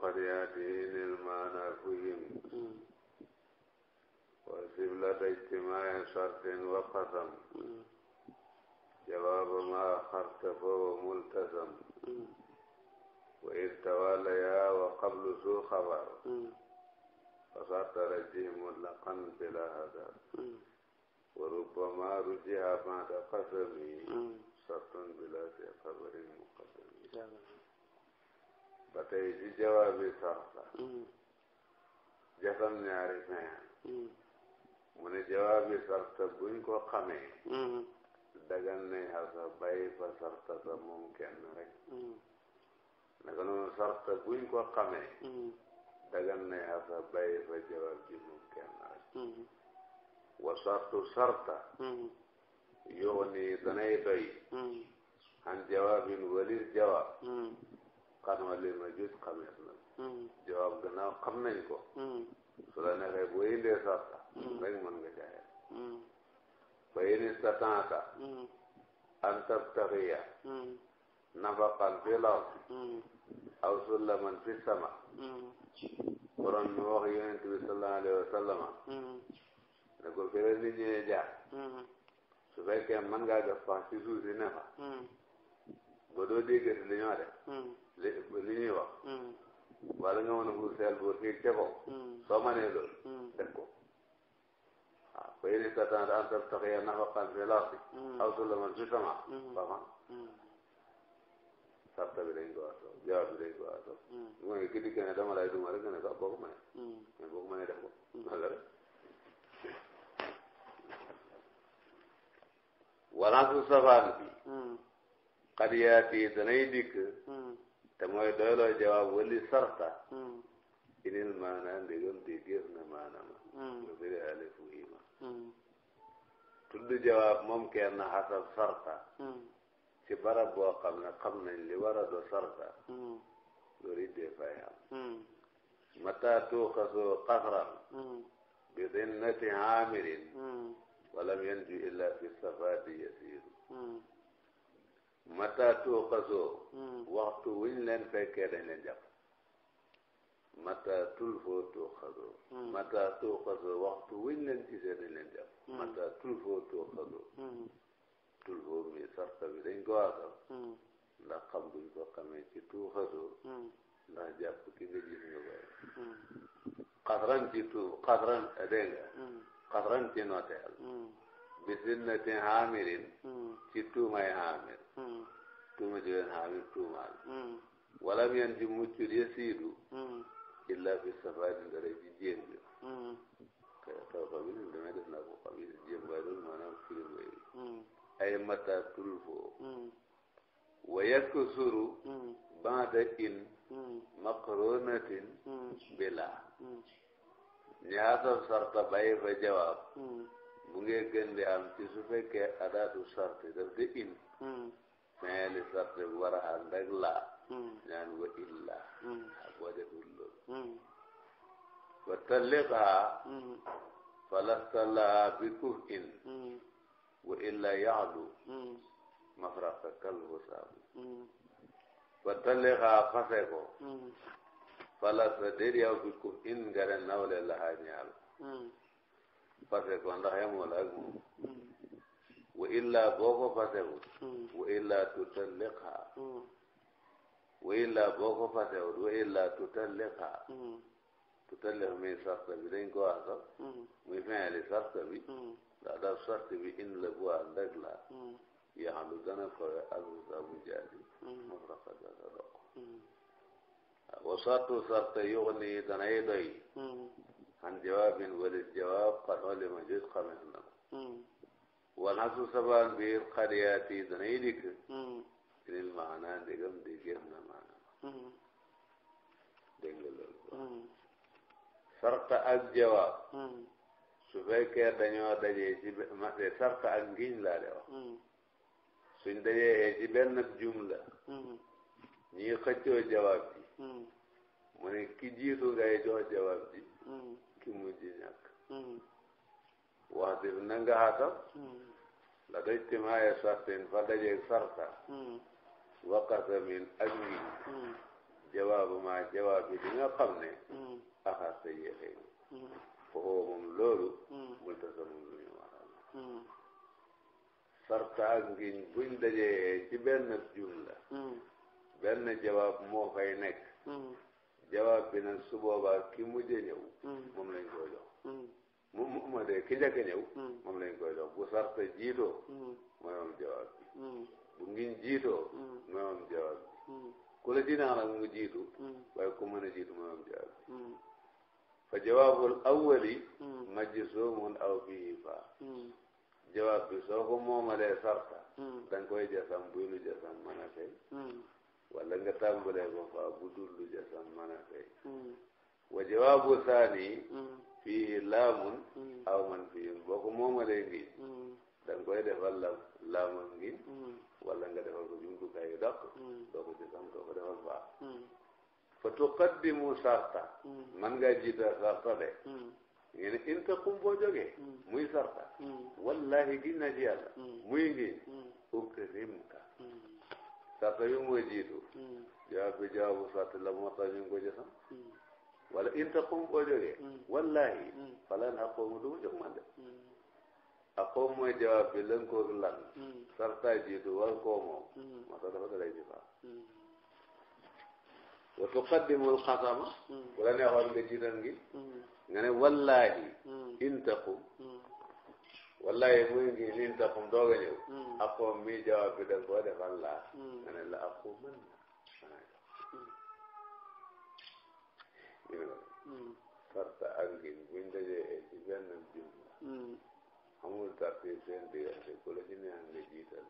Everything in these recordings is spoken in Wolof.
qaryaatihin ilmaana fihim wa siblata ijtimaai sartin wa qasam jawaaba ma axarta fahuwa multasam wa id tawalaya wa qablu su xabar فصار ترجيه مطلقا بلا هدر وربما رجح بعد قسمه شرط بلا سبب tey ci jawaabi soxla mm. jasam ñaari fenn mm. mu ne jawaabi sarta buñ ko mm. dagan ne xasa bàyyi fa sarta sa moom kenn rek sarta buñ ko dagan ne xasa bàyyi fa jawaab ji moom kenn rek sarta yoo ni danay doy an jawaabin walir jawaab xanuma li ma jut xamees na hmm. jawaab gannaaw xam nañ ko hmm. su la neexee boo indee sarta hmm. rek mën nga jaayal fa in istata'ta an tabtaxiya nafaqan fi law aw sullaman fi sama borom mi wax yonent bi sallallahu alayhi wa sallama ne ko fi la ñee jaar su fekkee mën ngaa def pax ci suuf si ne fa ba doo déggati li ñoo def li li ñuy wax. Hmm. wala nga mën a buur seel buur xiir ca kaw. soo mënee loolu. Hmm. ko waaw ba yéen it daal daan daan tax yéen a nafaqan hmm. aw sulaman fi sama. sama. sarta bi dañ ko war a toog jawaab bi dañ ko war a toog. mooy ki duma rek nga ne ko boo ko mënee. mais boo ko mënee def ko. wala rek. te mooy doyloo jawaab wali sarta inil maana ndegam déggeef na maanama nga biri alifu hima tudd jawaab moom kenn xasab sarta ci barab boo xam ne xam nañ li war a do sarta loolu it dee fay am mata tuuxasoo bi dinnati haamirin walam yanju illa fi safaati yasiru matatu kaso hmm. waxtu wuñ leen fekkee dañ leen jàpp matatul foo tuux kaso hmm. matatul kaso waxtu wuñ leen gisee dañ leen jàpp hmm. matatul foo tuux kaso tul foo mi sarta bi dañ ko waasal ndax xam buñ ko xamee ci tuux kaso ndax jàpp ki nga gis nga koy xasran ci tuux xasran dégg nga xasran ci haamirin ci tuumay haamir tuuma ji leen xaamit tuumaal wala mu yan ji muccul yasiidu illa fi safarin dara ci jéem bi kay taw xabilin damay def naa ko xabilin jéem waaye loolu maanaam firim way ay mata tulfo wa yakkusuru ba'da in maqronatin bila ñaata sarta bàyyi fa jawaab bu ngee gën am ci su fekkee adaatu sarti daf di in mais li sart bu war a ànd ak laa ñaan hmm. wa illa hmm. ak wajatul loolu wa hmm. falasta laa bi kuhin wa illa yaadu mafraka kalbu saabu wa talliqaa fase ko falasta déet yow bi kuhin nga ne nawle lahaa ñaal fase ndax yemoo la ak moom wa illa boo ko fasewut hmm. wa illa tutalliqa hmm. wa illa boo ko fasewut wa illa tutalliqa hmm. tutalliq mi sarta bi dañ ko asal muy feeli sarta bi ndax daf sarta bi in la bu ànd ak la yaa lu gën a kowe ak bu jaadi moom rafa dana dox wa sartu sarta yuxni danay doy xan jawaabin walis jawaab xan olima jot xamee na ko walxasu sabaan biir xariyaati danay dikk inil maanaa ndegam di génn na maanaam dégg nga loolu ak jawaab su fekkee dañoo dajee ci sarta ak ngiñ laa de wax suñ dajee ci benn jumla ñii xëccoo jawaab ji mu ne ki jiitu ngay jox jawaab ji ki mujj ñàkk waasib na nga xasab hmm. la day timaaye sartin fa dajeeg sarta hmm. waqasamin ak ngiñ hmm. jawaabu ma jawaab bi di nga xam ne axaas ta yéexee foofu moom loolu multasamum lu ñu waxal sarta ak ngiñ buñ dajee ci benn jumla benn jawaab moo fay nekk jawaab bi nag su boobaa ki mujj ñëw moom lañ koo jox mu mu mu de ki njëkk a ñëw. Hmm. moom lañ jox bu sarta jiitoo. Hmm. mooy moom jawaab bi. Hmm. bu ngiñ jiitoo. mooy moom jawaab bi. ku la dinaa nag mu jiitu. waaye ku mën a jiitu mooy moom jawaab bi. fa jawaabul bi soo ko moomalee sarta. da jasam buy jasam mën a fay. wala nga ko faa bu jasam mën a fay. wa jawaabu saani. fii laamun mm. aw man fii boo ko moomalee ngi mm. da nga defal la laamun ngi mm. wala nga defal ko jumtukaay yu dàq doo ko ci defal baax fa tuqaddimu sarta man ngaa jiita sarta de ngeen inta kum boo jógee muy sarta wallahi gis na ci yàlla muy ngi ukrimka sarta bi mooy jiitu jawaab bi jawaabu sarta la moo tax ñu ko wala inta xum boo jógee mm. wallahi mm. falan a xoomu du ma jóg de a xoom mm. mooy jawaab bi lan koog lan sarta jiitu war koo moom moo tax dafa dalay bi faa wa tuqaddimul xasama bu la neexoon nga jiital ngi wallahi inta xum wallahi ni inta xum doog a ñëw a xoom mii jawaab bi da nga laa nga la a xuman na kiloon eh, sarta ak ngin buñ dajee ci benn jumla amul tartiib seen ku la ci neex nga jiital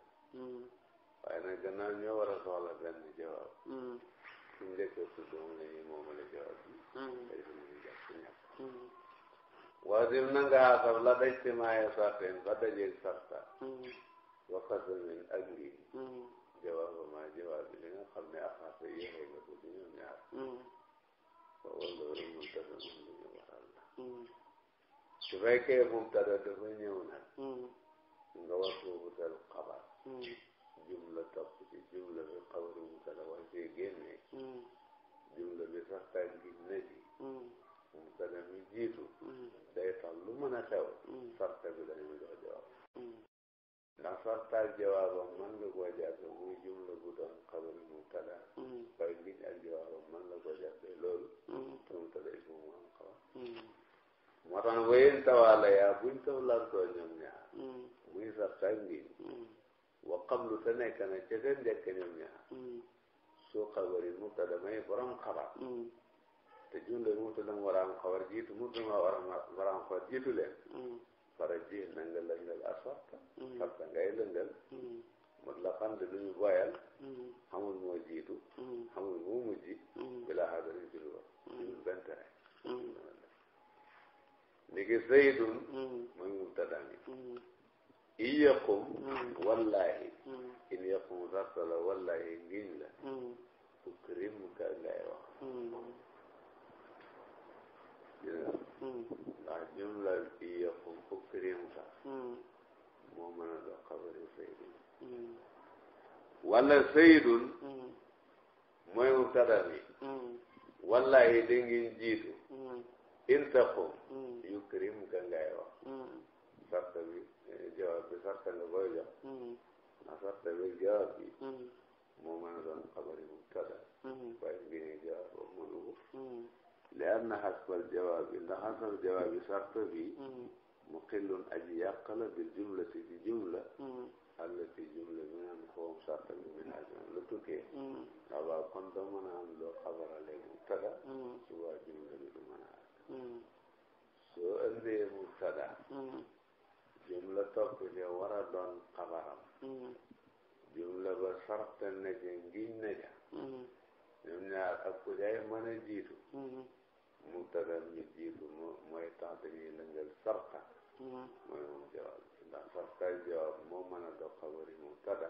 waaye nag gannaaw ñoo war a soxla benn jawaab suñ njëkkee tudd moom la ñuy a jawaab bi day suñuñu jàpp ñàpp wasim na nga asab la daj ci maaye sarteen ba dajeeg sarta waxasa min ak ngin jawaab ma jawaab bi li nga xam ne axasa yéexee nga ko ci ñoom ñaar loolu mubtada moom lu ñu waral la su fekkee mubtada dafa jumla topp ci jumla bi xabaru mubtada war jumla bi sax tan gis na ci mubtada mi day tax lu mën a xew sarta bi dañu jox jawaab ndax sarta jumla bu doon xabaru mubtada moo hmm. tax ne wayen tawaala yaa buñ tawlantoo ñoom ñaar hmm. muy sax ak ngiñ hmm. wa qablu te nekk na ca seen njëkk ñoom ñaar soo xabarin mubtada may borom xabar te jumla mubtada war am xabar jiitu mubtada ma war am xabar jiitu leen fara ji na nga lëngal asfarta farta ngay lëngal mutlaqan de duñu boyal xamul moo jiitu xamul moo mujji bila hadari jilwa jilul bentere niki zaydun mm-hmm. mooy mubtadaa bi mm-hmm. mm-hmm. in yaqum wallahi in yaqum rasala wallahi ngiñ la ukrimuka ngay jumla in yaqum ukrimuka moo mën a doon xabari zaydun mooy mubtadaa bi wallahi da jiitu intaqu hmm. yukrim ka ngay wax hmm. sarta bi eh, jawab bi sarta nga koy jox hmm. na sarta bi jawab bi moo mën a doon xabari bu tada waaye bi ne jawab ba mënu ko li am na xasbal jawab bi ndax xasbal jawab bi sarta bi mu xillun aji yàqala bi jumla si ci jumla allati jumla bi naan foofu sarta bi mi naa lu tukkee waaw waaw kon doo mën a am loo xabarale bu tada su waa jumla bi du mën a soo andee mubtada jumla topp ja war a doon xabaram jumla ba sarta na ja ngiñ na ja ñoom ñaar ak ku jaay mën a jiitu mubtada mi jiitu mooy tax dañuy lëngal sarta mooy moom jawaab ndax sarta jawaab moo mën a doon xabari mubtada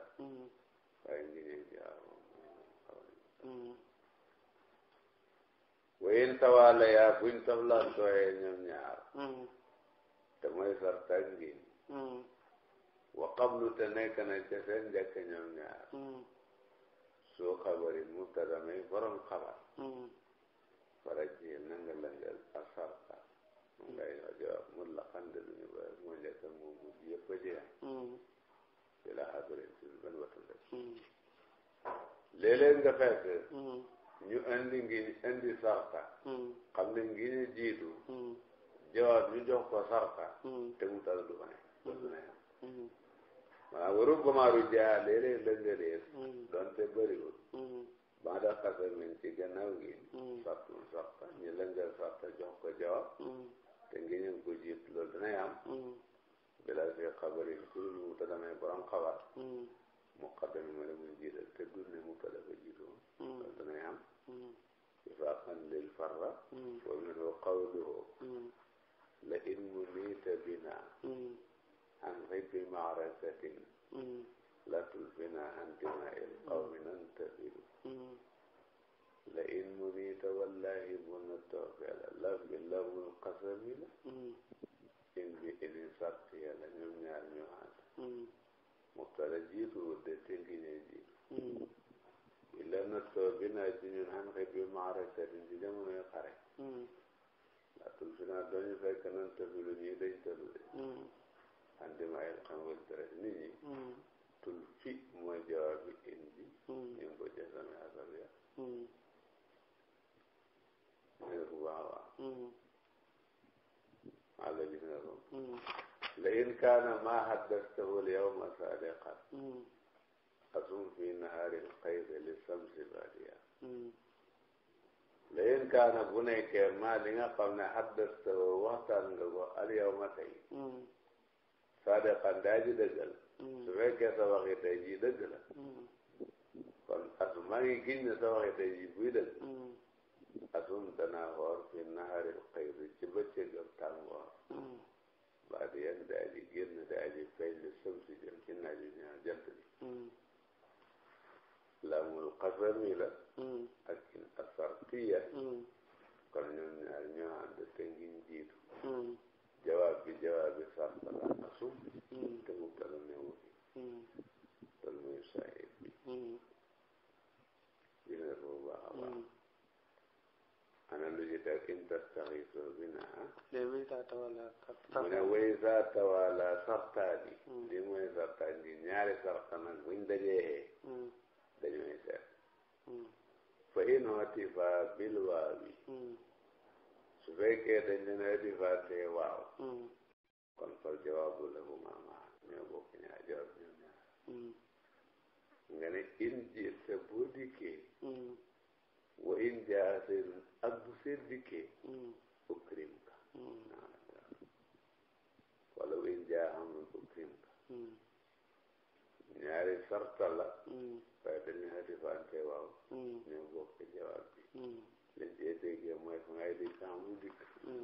waaye ngiñee jawaab moom xabari mubtada wayin tawala yaa buñ tablantooyee ñoom ñaar mm. te mooy sartag ngin mm. nekk na ca seen njëkk ñoom ñaar mm. soo xabarin mubtada may borom xabar fara ji na nga lëngal ak sarta mu ngay ñoo jawaab mu la xande lu ñu ba mu njëkk mu mujj yëpp a jeex bila xabarin si ban watan rek léeg-léeg nga fekk ñu indi ngiñ indi sarta hmm. xam ne ngiñ jiitu hmm. jawaab ñu jox ko sarta hmm. te mu tal du ne du ne maanaam waru gomaaru jaa léeg-léeg lënga leer doonte bëriwul ba da xasa min ci gannaaw ngiñ sartu sarta ñu lëngal sarta jox ko jawaab te ngiñam ko jiitu loolu dina am bila fi xabarin kurul mu ta damay borom xabaar muqaddami ma la muy jiital te dul ne mu ta dafa jiitu loolu dina am ifaaqan lil farra wa minhu qawluhu la in munita bina an ribbi marasatin la tulfina an dima'il qawmi nantafiru la in munita wallahi muna tawfela lam bi lamul qasami la in bi ini sarti yàlla ñoom ñaar ñu ànd mubtada jiitu de tengi ne jiitu illa na too bi naa ci ñun xan xit bi maarakatin ci jamonoy xare ndaa tul fi naa dooñu fekk nan tëbilu ñii dañ tëlu de xandimayil xam wal deret nit ñi tul fi mooy jawaabi in bi ñu ko jasame asal ya dégg bu baax a baax àlla gis nga ko la in kaana maa haddastahu al yawma sadiqan asum fi naharil qaydi li samsi badiya layin kaana bu nekkee maa li nga xam ne waxtaan nga ko al yow ma tey sadiqan daa ji sa waxi tey ji dëgg la kon sa waxi tey ji buy dëgg asum danaa xoor fi naharil ci bëccëgam tàngoor badiyan daa ji génn daa ji feeñ li samsi jëm ci naaju ñaar laamul qasami la mm. ak in asartiya mm. kon ñoom ñaar ñoo ànd te ngi jiitu mm. jawaab bi jawaab bi sart la asum te mu dal ne wuti loolu mooy saahib a baax ana lu ci teg in mu ne way sa tawala sartaani li mooy sartaan ji ñaari sarta nag buñ dañuy seet fa in hatifa bil waawi su fekkee dañ leen hatifa te waaw kon fal jawaabu lahu maama ñoo bokk ñaar jawab ñoo ñaar nga ne in jiite boo dikkee wa in jaa seen ak bu seen dikkee ukrim ka wala wa in jaa amrun ukrim ka ñaari sarta la mm. waaye dañu xalifante waaw mm. ñoo bokk jawaab bi mm. lañ cee déggee mooy fa ngay di kan mu dikk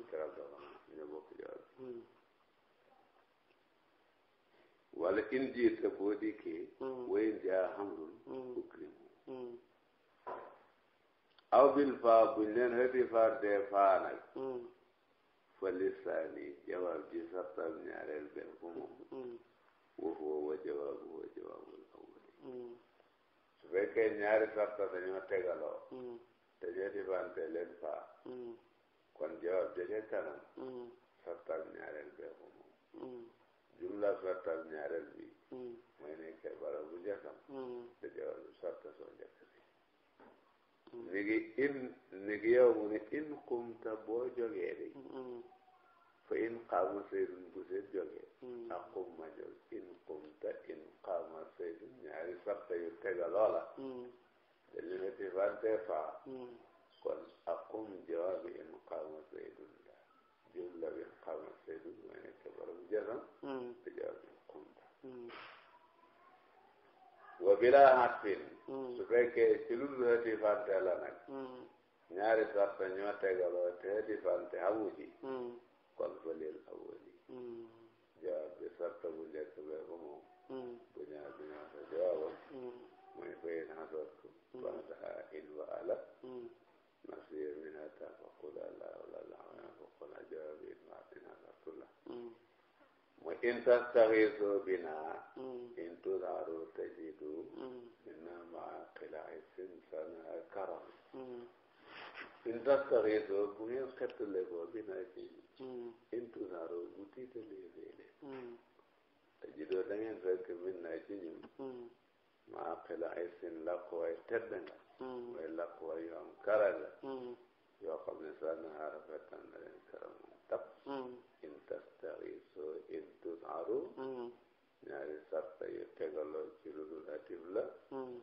garab dafa naa ñoo bokk jawaab bi wala in jiita boo dikkee wayn jaa xamrun ukrimu aw bil faa buñ leen xalifante faa nag fa lisaani jawaab ji sartal ñaareel benn fu moom wa huwa wa jawaabu wa jawaabul awwal su fekkee ñaari sarta dañoo tegaloo te ñoo difante leen faa kon jawaab jege kanam sartal ñaareel bee ko jumla sartal ñaareel bi mooy nekkee bara bu njëkkam te jawaab bi sarta soo njëkk nigi in nigi yow mu in kumta boo jógee di fa in qaama seydun bu seet jóge hmm. ak qum ma jóg in qumta in qaama seydun ñaari sarta yu tegaloo la hmm. te li nga tifante faa hmm. kon ak qum jawaabi in qaama seydun la jumla bi in qaama seydun mooy nekk borom jësam te jawaab in qumta wa bilaa hatfin su fekkee ci lu dul tifante la nag ñaari sarta ñoo tegaloo te tifante amu ci kon fa lil awali mm. jawaab bi sarta bu njëkk bee ko moom mm. bu ñaar bi ñaar sa jawaabam mm. mooy fay naa sot ko baadaha in wa ala nasiya minata faqul ala wala la wana faqul jawaab in wa atina sartula mooy in tastaxiisu bina in tudaaru tajidu inna maa xilaai sin sana karam in tastaxiisoo bu ngeen xettale ko bi naa ci in tusaaroo bu tiitalee ji tajidoo da ngeen fekk min naa ci ñun maa xila ay sin làkkuwaay tedd nga mooy làkkuwaay yu am karaga yoo xam ne sax na rafetal na leen karamu tap hmm. in tastaxiisoo in tusaaroo ñaari hmm. sarta yu tegaloo ci lu dul atif la hmm.